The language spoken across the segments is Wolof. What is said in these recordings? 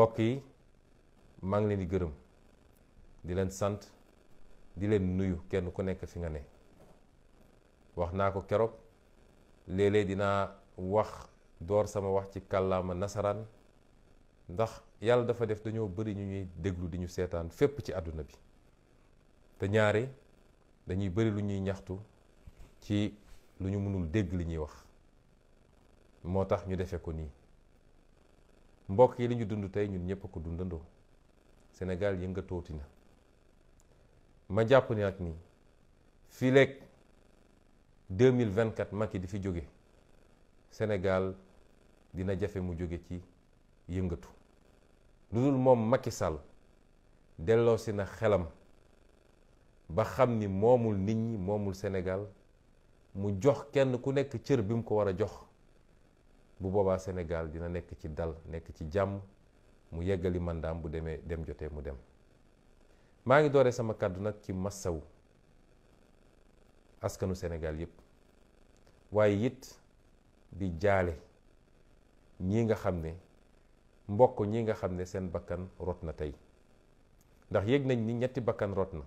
mbokk yi maa ngi leen di gërëm di leen sant di leen nuyu kenn ku nekk fi nga ne wax naa ko keroog léeg-léeg dinaa wax door sama wax ci kàllaama nasaraan ndax yàlla dafa def dañoo bëri ñu ñuy déglu di ñu seetaan fépp ci àdduna bi te ñaare dañuy bëri lu ñuy ñaxtu ci lu ñu mënul dégg li ñuy wax moo ñu defee ko nii mbokk yi li ñu dund tey ñun ñëpp ko dundandoo Sénégal yëngatooti na ma jàpp ne ni fii leeg mag yi di fi jóge Sénégal dina jafe mu jóge ci yëngatu lu dul moom Macky Sall delloosi na xelam ba xam ni moomul nit ñi moomul Sénégal mu jox kenn ku nekk cër bi mu ko war a jox bu boba Senegal dina nek ci dal nek ci jam mu yegali mandam bu dem joté mu dem maa ngi sama kaddu nak ci massaw askanu Senegal yépp waye yit di jalé ñi nga xamné mbokk ñi nga xamné sen bakkan rot tay ndax yegg nañ ni ñetti bakkan rotna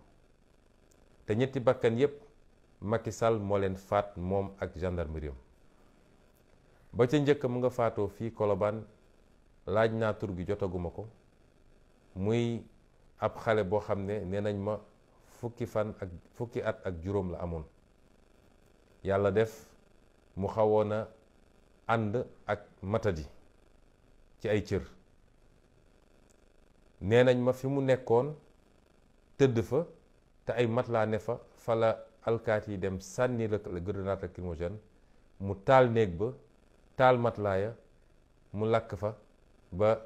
te ñetti bakkan yépp Macky Sall ak gendarmerie ba ca njëkk mu nga faatoo fii Colobane laaj naa tur gi jotaguma ko muy ab xale boo xam ne nee nañ ma fukki fan ak fukki at ak juróom la amoon yàlla def mu xawoon a ànd ak matadi ci ay cër nee nañ ma fi mu nekkoon tëdd fa te ay mat laa ne fa fa la alkaat yi dem sànni la grenade lacrymogène mu taal néeg ba taal matlaaya mu lakk fa ba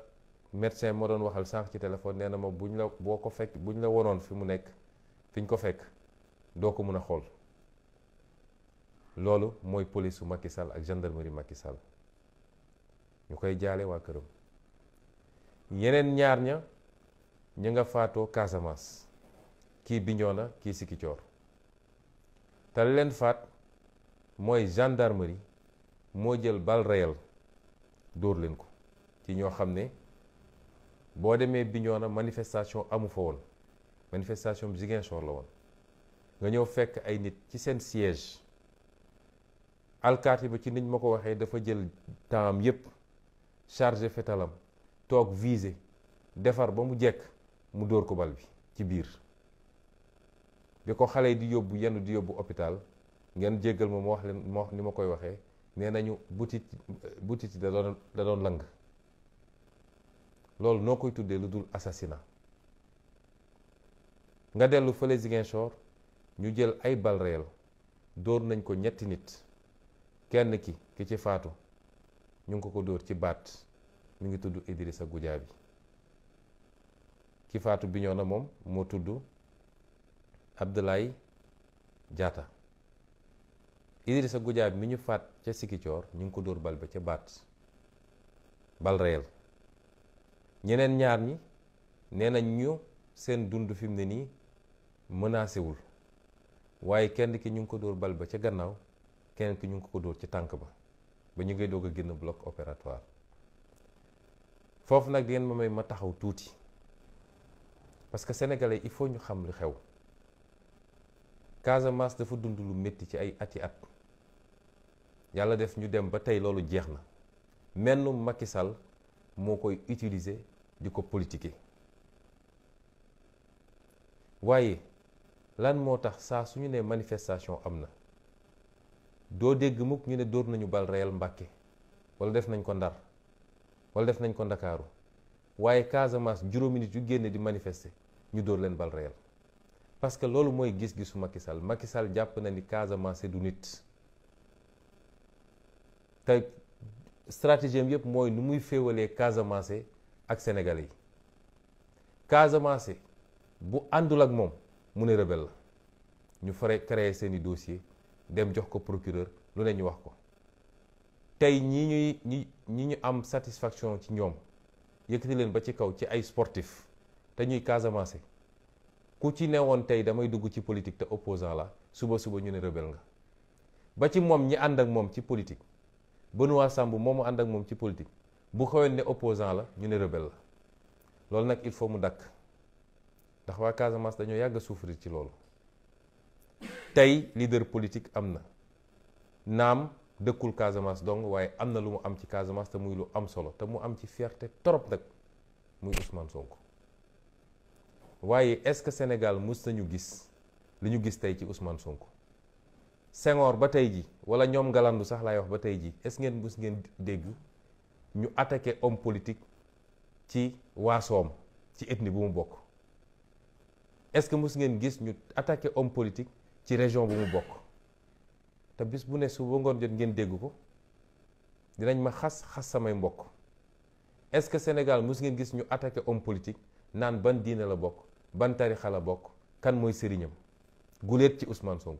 médecin moo doon waxal sànq ci téléphone nee na ma buñ la boo ko fekk bu ñu la wonoon fi mu nekk fiñ ko fekk doo ko mën a xool loolu mooy police su Macky Sall ak gendarmerie makki Sall ñu koy jaale waa këram yeneen ñaar ña ñu nga faatoo Casamance kii Bignona kii Sikicoor te leen faat mooy gendarmerie moo jël bal réel dóor leen ko ci ñoo xam ne boo demee Bignona manifestation amu fa woon manifestation bi Ziguinchor la woon nga ñëw fekk ay nit ci seen siège alkaati ba ci niñ ma ko waxee dafa jël temps yépp chargé fetalam toog visé defar ba mu jekk mu dóor ko bal bi ci biir bi ko xale yi di yóbbu yenn di yóbbu hôpital ngeen jéggal ma ma wax leen ma wax ni ma koy waxee nee nañu butit butit da da doon lang loolu noo koy tuddee lu dul assassinat nga dellu fële Ziguinchor ñu jël ay bal réel dóor nañ ko ñetti nit kenn ki ki ci faatu ñu ngi ko ko dóor ci baat mu ngi tudd Idrissa bi ki faatu bi ñoo na moom moo tudd Abdoulaye jaata Idrissa Goudiaby mi ñu faat ca Sikicoor ñu ngi ko dóor bal ba ca baat bal réel ñeneen ñaar ñi nee nañ ñu seen dund fi mu ne nii menacé wul waaye kenn ki ñu ngi ko dóor bal ba ca gannaaw kenn ki ñu ngi ko dóor ca tànk ba ba ñu ngay doog a génn bloc opératoire foofu nag di ngeen ma may ma taxaw tuuti parce que sénégalais il faut ñu xam lu xew Casamance dafa dund lu métti ci ay ati at yalla def ñu dem ba tay lolu jeexna na Macky Sall mo koy utiliser diko ko politiquer waaye lan moo tax saa su manifestation amna do doo dégg mukk ñu né dóor nañu bal réel mbacké wala def nañ ko Ndar wala def nañ ko Ndakaaru waye Casamance juro minute yu génné di manifester ñu dóor len bal réel parce que lolu moy gis-gisu Macky Sall Macky Sall japp na ni Casamance du nit te stratégie am yëpp mooy nu muy féewalee Casamance ak Sénégalais yi Casamance bu àndul ak moom mu ne la ñu fare créer seeni dossier dem jox ko procureur lu ne ñu wax ko tey ñi ñuy ñi ñi ñu am satisfaction ci ñoom yëkkati leen ba ci kaw ci ay sportif te ñuy Casamance ku ci newoon tey damay dugg ci politique te opposant la suba suba ñu ne rebelle nga ba ci moom ñi ànd ak moom ci politique Benoît Sambou moom mu ànd ak moom ci politique bu xawoon ne opposant la ñu ne rebelle la loolu nag il faut mu dakk ndax waa Casamance dañoo yàgg a ci loolu tey leader politique am na naam dëkkul Casamance donc waaye am na lu mu am ci Casamance te muy lu am solo te mu am ci fierté trop nag muy Ousmane Sonko waaye est-ce que Sénégal mës nañu gis li ñu gis tey ci Ousmane Sonko. Senghor ba tey ji wala ñoom ngalandu sax laay wax ba tey ji est ngeen mus ngeen dégg ñu attaqué homme politique ci waasoom ci ethnie bu mu bokk est-ce que mus ngeen gis ñu attaqué homme politique ci région bu mu bokk te bis bu ne su ngoon jot ngeen dégg ko dinañ ma xas xas samay mbokk est-ce que Sénégal mus ngeen gis ñu attaqué homme naan ban diine la bokk ban tarixa la bokk kan mooy sëriñam guléet ci Ousmane sonk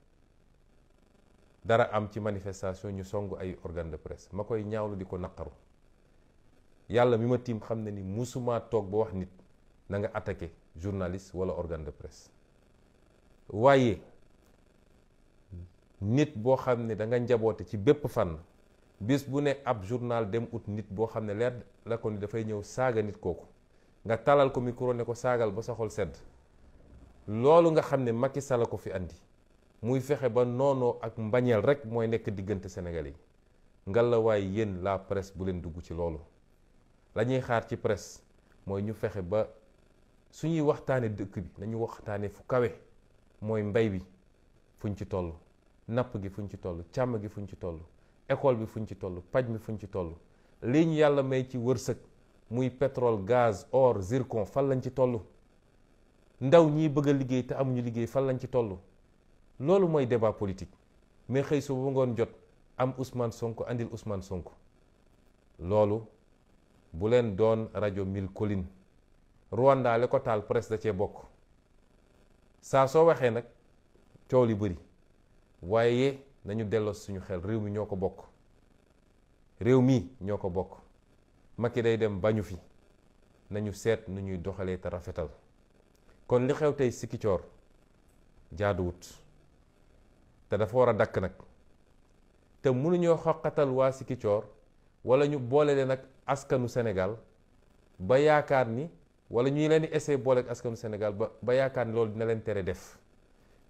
dara am ci manifestation ñu song ay organe de presse ma koy ñaawlu di ko naqaru yàlla mi ma tiim xam ne ni musuma toog ba wax nit na nga attaqué journaliste wala organe de presse waaye nit boo xam ne danga nga njaboote ci bépp fànn bis bu ne ab journal dem ut nit boo xam ne leer la ko ni dafay ñëw saaga nit kooku nga talal ko micro ne ko saagal ba soxol xol sedd loolu nga xam ne Macky Sall la ko fi andi muy fexe ba noonoo ak mbañeel rek mooy nekk diggante Sénégal yi ngalawaay yéen la presse bu leen dugg ci loolu la ñuy xaar ci presse mooy ñu fexe ba suñuy waxtaanee dëkk bi nañu waxtaane fu kawe mooy mbay bi fuñ ci toll napp gi fuñ ci toll càmm gi fuñ ci toll école bi fuñ ci toll paj mi fuñ ci toll lii ñu yàlla may ci wërsëg muy pétrole gaz or zircon fan lañ ci toll ndaw ñiy bëgg a liggéey te amuñu liggéey fan lañ ci toll loolu mooy débat politique mais xëy su bu ngoon jot am Ousmane Sonko andil Ousmane sonk loolu bu leen doon rajo mille collines Rwanda li ko taal presse da cee bokk saa soo waxee nag coow li bëri waaye nañu delloo suñu xel réew mi ñoo ko bokk réew mi ñoo ko bokk Macky day dem bañu fi nañu seet nu ñuy doxalee te rafetal kon li xew tey Sikicoor jaaduwut te dafa war a dakk nag te mënuñoo xoqatal waa Sikicoor wala ñu boole leen ak askanu senegal ba yaakaar ni wala ñuy leen di essayer boole ak askanu senegal ba ba yaakaar ni loolu dina leen tere def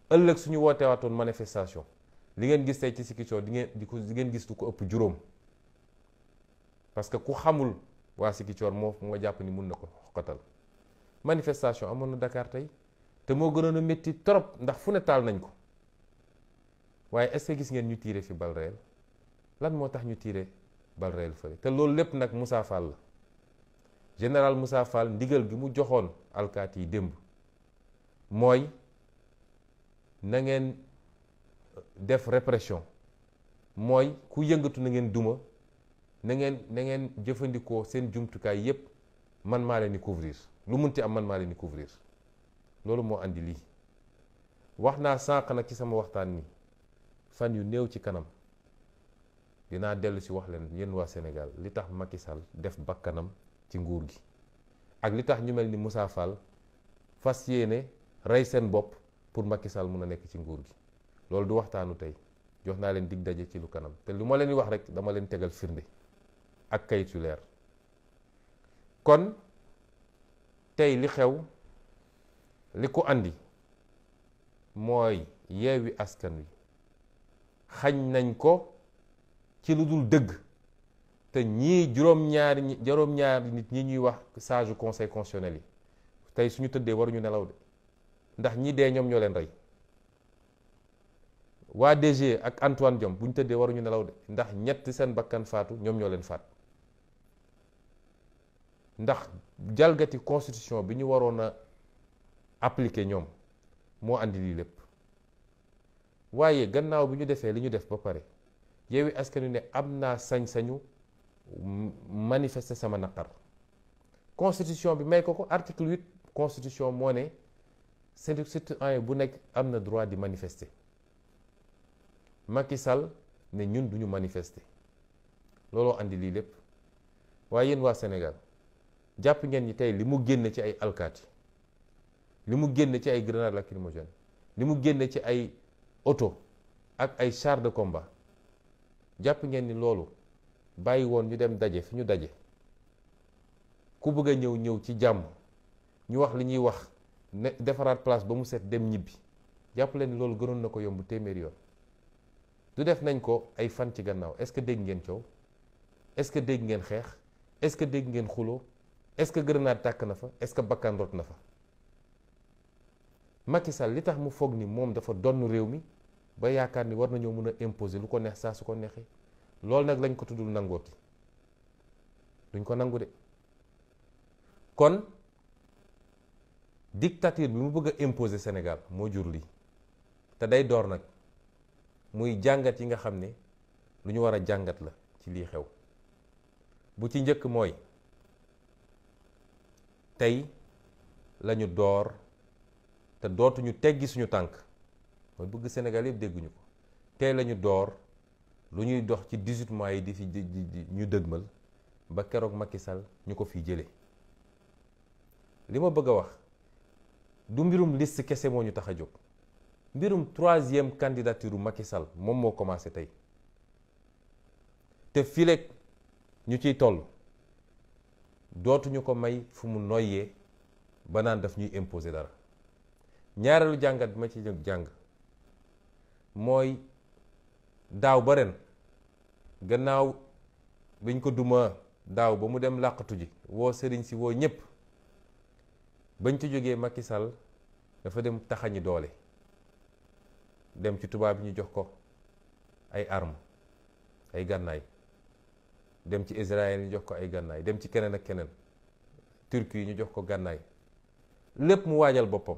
ëllëg suñu wooteewaatoon manifestation li ngeen gis tey ci Sikicoor di ngeen di ko di ngeen gis du ko ëpp juróom parce que ku xamul waa Sikicoor moo moo jàpp ni mun na ko xoqatal manifestation amoon na Dakar tey te moo gënoon a métti trop ndax fu ne taal nañ ko. waye est ce gis ngeen ñu fi bal réel lan mo tax ñu tiire bal réel feulé té loolu lepp nak Moussa Fall général Moussa Fall ndigal gi mu joxone alkaati yi démb na ngeen euh, def répression moy ku yëngatu na ngeen duma na ngeen na ngeen jëfëndiko seen jumtukaay yépp man ma leen di couvrir lu munti am man ma leen di couvrir lolu mo andi li waxna sank nak ci sama waxtan ni fan yu new ci kanam dina delu si wax len yeen wa senegal li tax Macky def bakkanam ci nguur gi ak li tax ñu melni Moussa Fall fas yene ray sen bop pour Macky Sall mun a ci nguur gi du waxtanu tay jox dig dajje ci lu kanam te luma len wax rek dama len tegal firnde ak kayit leer kon tay li xew li andi moy yewi askan wi xañ nañ ko ci lu dul dëgg te ñii juróom-ñaari juróom-ñaari nit ñi ñuy wax sage conseil constitutionnel yi tey su ñu tëddee waruñu nelaw de ndax ñi dee ñoom ñoo leen rey waa DG ak Antoine Diome bu ñu tëddee waruñu nelaw de ndax ñett seen bakkan faatu ñoom ñoo leen faat ndax jalgati constitution bi ñu waroon a appliquer ñoom moo andi lii lépp waaye gannaaw bi ñu defee li ñu def ba pare Yewwi Askan Wi ne am naa sañ-sañu manifester sama naqar constitution bi may ko ko article 8 constitution moo ne citoyen bu nekk am na droit di manifester Macky Sall ne ñun duñu manifester looloo andi lii lépp waaye yéen waa Sénégal jàpp ngeen ñi tey li mu génn ci ay alkaati li mu génn ci ay grenades lacrymogènes li mu génn ci ay oto ak ay char de combat jàpp ngeen ni loolu bàyyi woon ñu dem daje fi ñu daje ku bëgg a ñëw ñëw ci jàmm ñu wax li ñuy wax ne defaraat place ba mu set dem ñibbi jàpp leen ni loolu gënoon na ko yomb téeméer yoon du def nañ ko ay fan ci gannaaw est-ce que dégg ngeen coow est-ce que dégg ngeen xeex est-ce que dégg ngeen xuloo est-ce que grenade tàkk na fa est-ce que bakkan rot na fa Macky Sall li tax mu foog ni moom dafa donn réew mi ba yaakaar ni war nañoo mën a imposer lu ko neex saa su ko neexee loolu nag lañ ko tuddul nangooti duñ ko nangu de kon dictature bi mu bëgg a imposer Sénégal moo jur lii te day door nag muy jàngat yi nga xam ne lu ñu war a jàngat la ci lii xew bu ci njëkk mooy tey lañu door te dootuñu teggi suñu tànk ma bëgg Sénégal yëpp dégguñu ko tey la ñu door lu ñuy dox ci 18 mois yi di fi ñu dëgmal ba keroog Macky Sall ñu ko fi jëlee li ma bëgg a wax du mbirum liste kese moo ñu tax a jóg mbirum troisième candidature Macky Sall moom moo commencé tey te fileeg ñu ciy toll dootuñu ko may fu mu noyyee ba naan daf ñuy imposer dara ñaareelu jàngat ma ci jàng mooy daaw ba ren gannaaw biñ ko duma daaw ba mu dem làqatu ji woo sëriñ si woo ñëpp bañ ci jógee Macky Sall dafa dem taxañi doole dem ci tubaab bi ñu jox ko ay arme ay gànnaay dem ci Israël ñu jox ko ay gànnaay dem ci keneen ak keneen yi ñu jox ko gànnaay lépp mu waajal boppam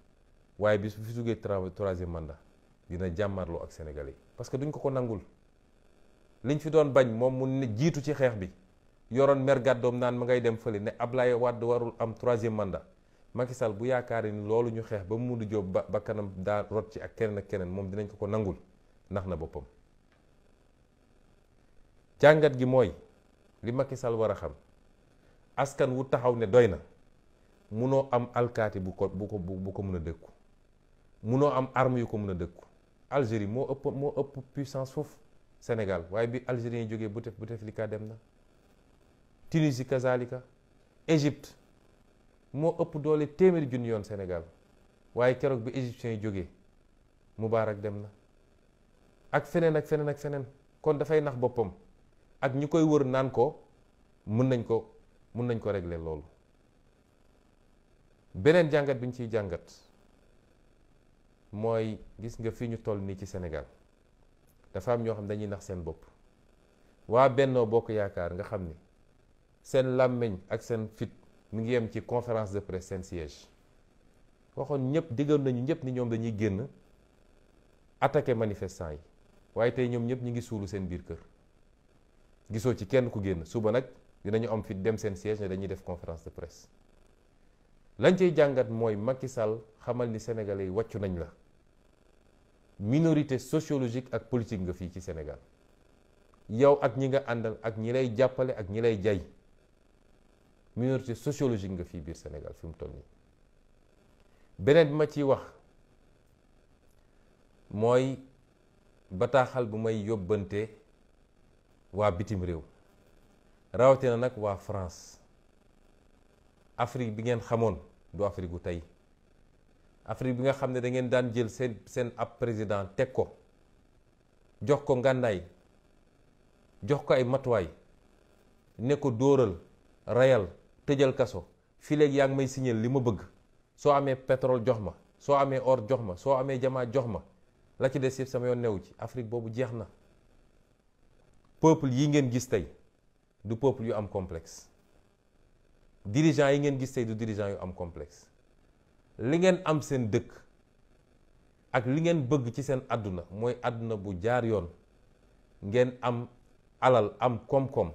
waaye bis bu fi jógee troisième mandat dina jàmmarloo ak sénégalais parce que duñ ko ko nangul liñ fi doon bañ moom mu ne jiitu ci xeex bi yoroon mer gàddoom naan ma ngay dem fële ne Ablaye Wade warul am troisième mandat Macky Sall bu yaakaaree ni loolu ñu xeex ba mu mën a ba bakkanam daal rot ci ak keneen ak keneen moom dinañ ko ko nangul ndax na boppam. jàngat gi mooy li Macky Sall war a xam askan wu taxaw ne doy na munoo am alkaati bu ko bu ko bu ko mën a dëkku munoo am arme yu ko mun a dëkku Algérie moo ëpp moo ëpp puissance foofu Sénégal waaye bi Algérien jógee Boutef Bouteflika dem na Tunisie kazalika Égypte moo ëpp doole téeméeri junni yoon senegal waaye keroog bi égyptien yi jógee Moubarak dem na ak feneen ak feneen ak feneen kon dafay nax boppam ak ñi koy wër naan ko mën nañ ko mun nañ ko regle loolu beneen jàngat bi ñu ciy jàngat mooy gis nga fii ñu toll nii ci Sénégal dafa am ñoo xam ne dañuy nax seen bopp waa Bennoo Bokk Yaakaar nga xam ni seen làmmiñ ak seen fit mu ngi yem ci conférence de presse seen siège waxoon ñëpp diggoon nañu ñëpp ni ñoom dañuy génn attaqué manifestants yi waaye tey ñoom ñëpp ñu ngi suulu seen biir kër gisoo ci kenn ku génn suba nag dinañu am fit dem seen siège ne dañuy def conférence de presse lañ cay jàngat mooy Macky Sall xamal ni sénégalais yi wàccu nañ la. minorité sociologique ak politique nga fi ci Sénégal yow ak ñi nga andal ak ñi lay jappalé ak ñi lay jay minorité sociologique nga fi biir Sénégal fi tolni benen bima ci wax moy bata xal bu may yobante wa bitim réew rawatina nak wa France Afrique bi ngeen xamone du Afrique gu Afrique bi nga xam ne da ngeen daan jël seen seen ab président teg ko jox ko ngànnaay jox ko ay matuwaay ne ko dóoral rayal tëjal kaso fii léegi yaa ngi may signal li ma bëgg soo amee pétrole jox ma soo amee or jox ma soo amee jamaa jox ma la ci des yëpp sama yoon newu ci Afrique boobu jeex na peuple yi ngeen gis tey du peuple yu am complex dirigeant yi ngeen gis tey du dirigeant yu am complexe li ngeen am seen dëkk ak li ngeen bëgg ci seen àdduna mooy àdduna bu jaar yoon ngeen am alal am koom-koom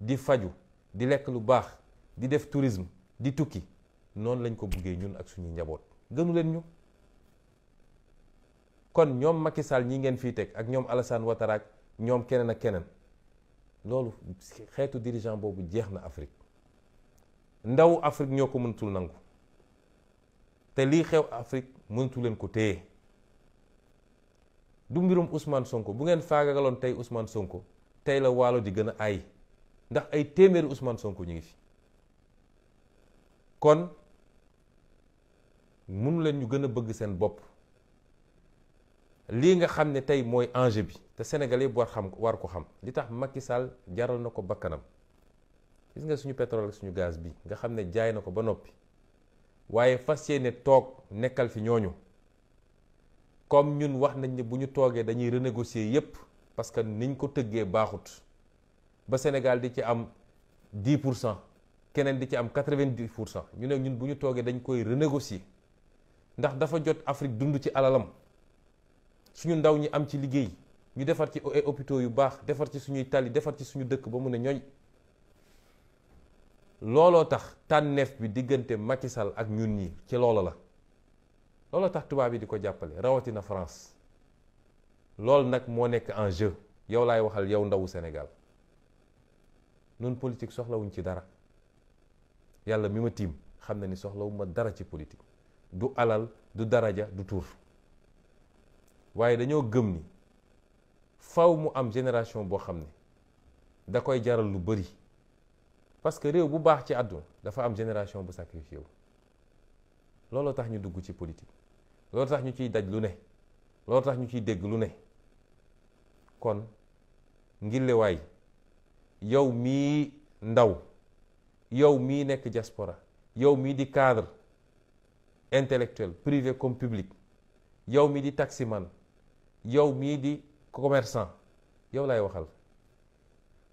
di faju di lekk lu baax di def tourisme di tukki noonu lañ ko buggee ñun ak suñuy njaboot gënu leen ñu kon ñoom Macky Sall ñi ngeen fii teg ak ñoom Alassane Ouattara ak ñoom keneen ak keneen loolu xeetu dirigeant boobu jeex na Afrique ndaw Afrique ñoo ko mënatul nangu te lii xew Afrique mënatu leen ko téye du mbirum Ousmane Sonko bu ngeen faagagaloon tey Ousmane Sonko tey la waalo di gën a ay ndax ay téeméeri Ousmane Sonko ñu ngi fi kon mënu leen ñu gën a bëgg seen bopp lii nga xam ne tey mooy enjeu bi te Sénégal yëpp war xam war ko xam li tax Macky Sall jaral na ko bakkanam gis nga suñu pétrole ak suñu gaz bi nga xam ne jaay na ko ba noppi waaye fas yéene toog nekkal fi ñooñu comme ñun wax nañ ne bu ñu toogee dañuy renégocier yépp parce que niñ ko tëggee baaxut ba Sénégal di ci am 10 pour cent keneen di ci am 90 pour cent ñu ne ñun bu ñu toogee dañ koy renégocier ndax dafa jot Afrique dund ci alalam suñu ndaw ñi am ci liggéey ñu defar ci ay hôpitaux yu baax defar ci suñuy tali defar ci suñu dëkk ba mu ne ñooñ looloo tax tànneef bi diggante Macky Sall ak ñun ñi ci loolo la looloo tax tubaab yi di ko jàppale rawatina France loolu nag moo nekk en jeu yow laay waxal yow ndawu senegal nun politique soxlawuñ ci dara yàlla mi ma tiim xam na ni soxlawu ma dara ci politique du alal du daraja du tur waaye dañoo gëm ni faw mu am génération boo xam ne da koy jaral lu bari parce que réew bu baax ci àdduna dafa am génération bu sacrifié wu looloo tax ñu dugg ci politique looloo tax ñu ciy daj lu ne looloo tax ñu ciy dégg lu ne kon ngillewaay yow mii ndaw yow mii nekk diaspora yow mii di cadre intellectuel privé comme public yow mii di taximan yow mii di commerçant yow laay waxal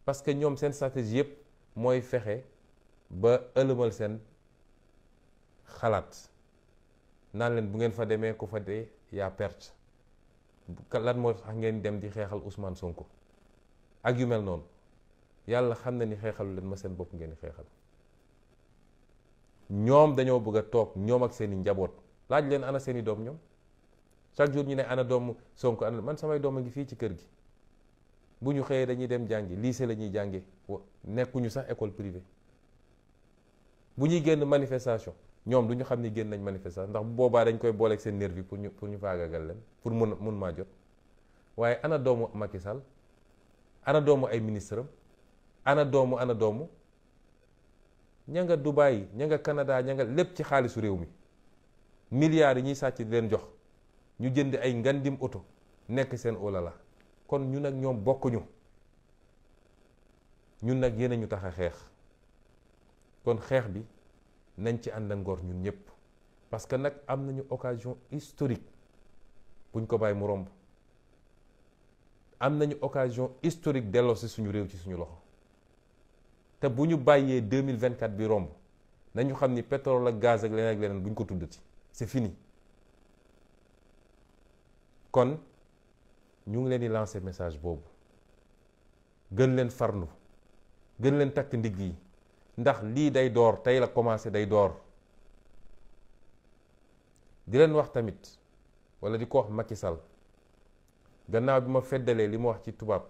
parce que ñoom seen stratégie yëpp mooy fexe ba ëlëmal seen xalaat naan leen bu ngeen fa demee ko fa dee yaa perte lan moo tax ngeen dem di xeexal Ousmane Sonko ak yu mel noonu yàlla xam na ni xeexalu leen ma seen bopp ngeen di xeexal ñoom dañoo bëgg a toog ñoom ak seen i njaboot laaj leen ana seen i doom ñoom chaque jour ñu ne ana doom sonk ana man samay doom a ngi fii ci kër gi bu ñu xëyee dañuy dem jàngi lycée la ñuy jànge nekkuñu sax école privée bu ñuy génn manifestation ñoom du ñu xam ni génn nañ manifestation ndax bu boobaa dañ koy booleeg seen nervi pour ñu pour ñu faagagal leen pour mun mun maa jot waaye ana doomu Macky Sall ana doomu ay ministre am ana doomu ana doomu ña nga Dubai ña nga Canada ña nga lépp ci xaalisu réew mi milliards yi ñuy sàcc di leen jox ñu jënd ay ngandim oto nekk seen la kon ñun nag ñoom bokkuñu ñun nag yéen ñu tax a xeex kon xeex bi nañ ci ànd ngor ñun ñëpp parce que nag am nañu occasion historique buñ ko bàyyi mu romb am nañu occasion historique delloo si suñu réew ci suñu loxo te bu ñu bàyyee 2024 bi romb nañu xam ni pétrole ak gaz ak leneen ak leneen buñ ko tuddati c'est fini kon ñu ngi leen di lancer message boobu gën leen farnu gën leen takk ndigg yi ndax lii day door tey la commencé day door di leen wax tamit wala di ko wax Macky gannaaw bi ma feddalee li ma wax ci tubaab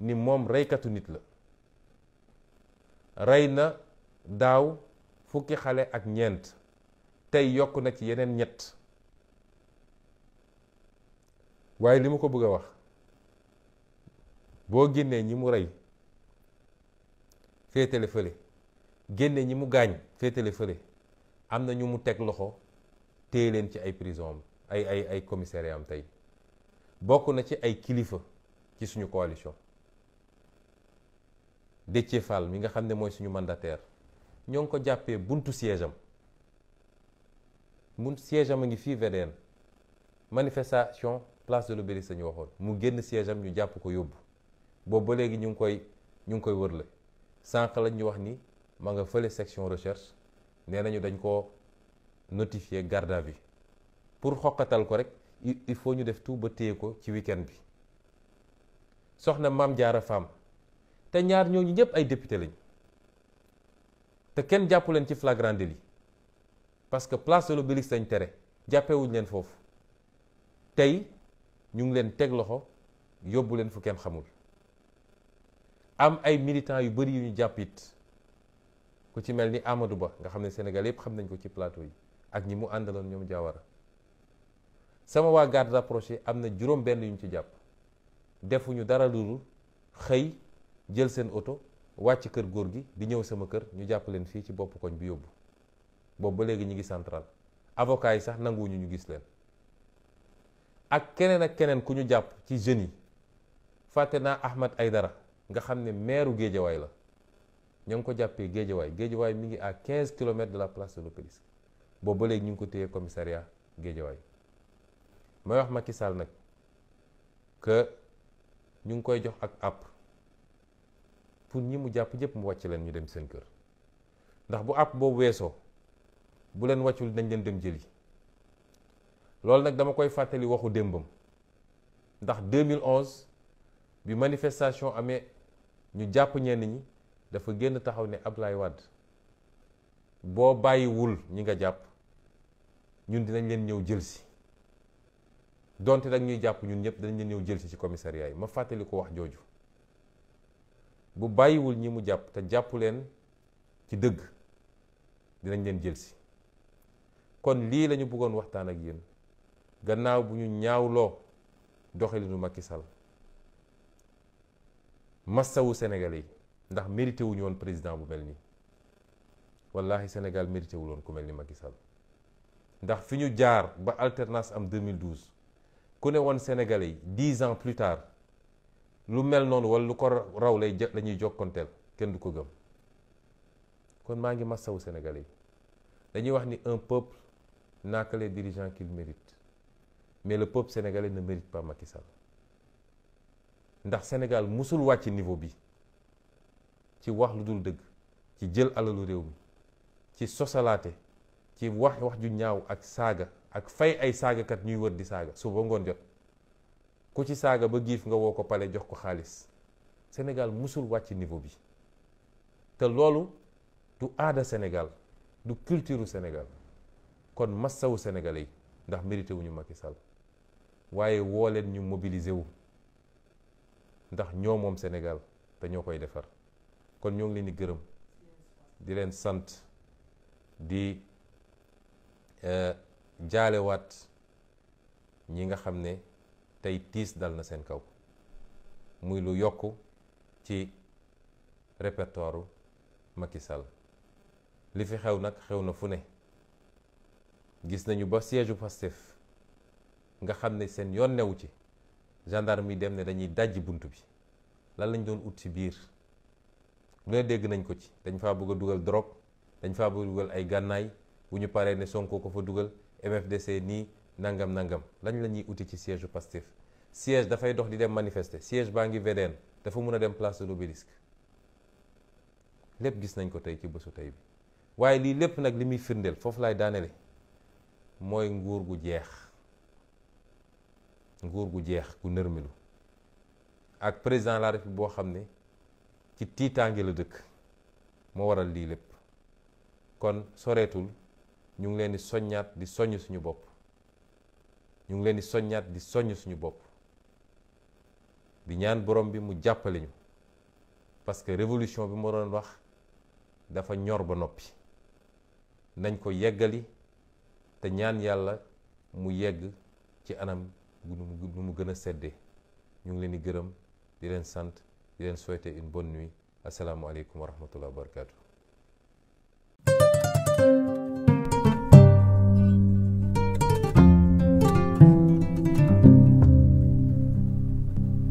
ni moom reykatu nit la rey na daaw fukki xale ak ñeent tey yokk na ci yeneen ñett waaye li ma ko bëgg a wax boo génnee ñi mu rey féetale fële génne ñi mu gaañ féetale fële am na ñu mu teg loxo téye leen ci ay prison am ay ay ay commissariat am tey bokk na ci ay kilifa ci suñu coalition Déthié Fall mi nga xam ne mooy suñu mandataire ñoo ngi ko jàppee buntu siège am buntu siège am a ngi fii VDN manifestation place de l'Obélisque ñu waxoon mu génn siège am ñu japp ko yobbu bo ba léegi ñu koy ñu koy wërle sank lañ ñu wax ni ma nga feulé section recherche nee nañu dañ ko notifier garde à vue pour xokatal ko rek il faut ñu def tout ba téye ko ci week-end bi soxna mam Diarra Fam té ñaar ñoo ñu ñëpp ay député lañ té kenn jàppu leen ci flagrant délit parce que place de l'Obélisque lañ jappé jàppewuñ leen foofu tay ñu ngi leen teg loxo yóbbu leen fu kenn xamul am ay militants yu bëri yu ñu jàpp it ku ci mel ni Amadou Ba nga xam ne Sénégal yëpp xam nañ ko ci plateau yi ak ñi mu àndaloon ñoom Diawara sama waa garde rapproché am na juróom benn yu ñu ci jàpp defuñu dara lu xëy jël seen oto wàcc kër góor gi di ñëw sama kër ñu jàpp leen fii ci bopp koñ bi yóbbu boobu ba léegi ñu ngi central avocat yi sax ñu ñu gis leen ak keneen ak keneen ku ñu jàpp ci jeunes yi fàtte naa Ahmad dara nga xam ne meeru Géejawaay la ña ngi ko jàppee Géejawaay Géejawaay mi ngi à 15 kilomètres de la place de l'Obélisque boobu ba léegi ñu ngi ko téye commissariat Géejawaay may wax Macky Sall nag que ñu ngi koy jox ak àpp pour ñi mu jàpp ñëpp mu wàcc leen ñu dem seen kër ndax bu àpp boobu weesoo bu leen wàccul dañ leen dem jëli. loolu nag dama koy fàttali waxu démbam ndax 2011 bi manifestation amee ñu jàpp ñenn ñi dafa génn taxaw ne Ablaye Wade boo bàyyiwul ñi nga jàpp ñun dinañ leen ñëw jël si donte nag ñuy jàpp ñun ñëpp dinañ leen ñëw jël si ci commissariat yi ma fàttali ko wax jooju bu bàyyiwul ñi mu jàpp te jàpp leen ci dëgg dinañ leen jël si kon lii lañu ñu bëggoon waxtaan ak yéen. gannaaw bu ñu ñaawloo doxalinu Macky Sall massawu Sénégal yi ndax mérité wuñu woon président bu mel nii wallahi Sénégal mérité wul woon ku mel ni Macky Sall ndax fi ñu jaar ba alternance am 2012 ku ne woon Sénégalais yi dix ans plus tard lu mel noonu wala lu ko raw lay lañuy ñuy jokkonteel kenn du ko gëm kon maa ngi massawu Sénégalais yi dañuy wax ni un peuple n'a que les dirigeants qu'il mérite mais le peuple sénégalais ne mérite pas Macky Sall ndax Sénégal musul wacc niveau bi ci wax lu dul deug ci jël alalu rew mi ci sosalaté ci wax wax ju ñaaw ak saga ak fay ay kat ñuy wër di su bo ngon jot ku ci saga ba gif nga woko ko jox ko xaliss Sénégal musul wacc niveau bi té lolu du aada Sénégal du culture Sénégal kon massaw Sénégalais ndax mérité wuñu Macky Sall waaye woo leen ñu mobiliser wu ndax ñoo moom Sénégal te ñoo koy defar kon ñoo ngi leen di gërëm di leen sant di euh, jaalewaat ñi nga xam ne tey tiis dal na seen kaw muy lu yokk ci répertoire Macky Sall li fi xew nag xew na fu ne gis nañu ba siège u nga xam ne seen yoon newu ci gendarme yi dem ne dañuy dajji bunt bi lan lañ doon ut ci biir lu ne dégg nañ ko ci dañ faa bëgg a dugal drop dañ fa bëgg dugal ay gànnaay bu ñu paree ne Sonko ko fa dugal MFDC nii nangam nangam lañ la ñuy uti ci siège u Pastef siège dafay dox di dem manifester siège baa ngi VDN dafa mun a dem place de l'Obélisque lépp gis nañ ko tey ci bésu tey bi waaye lii lépp nag li muy firndeel foofu laay daanele mooy nguur gu jeex nguur gu jeex gu nërmelu ak président de la république boo xam ne ci tiitaange la dëkk moo waral lii lépp kon soreetul ñu ngi leen di soññaat di soññ suñu bopp ñu ngi leen di soññaat di soññ suñu bopp di ñaan borom bi mu jàppale ñu parce que révolution bi ma doon wax dafa ñor ba noppi nañ ko yeggali te ñaan yàlla mu yegg ci anam nu mu gën a seddee ñu ngi leen di gërëm di leen sant di leen soyte une bonne nuit asalaamualeykum wa rahmatullah wa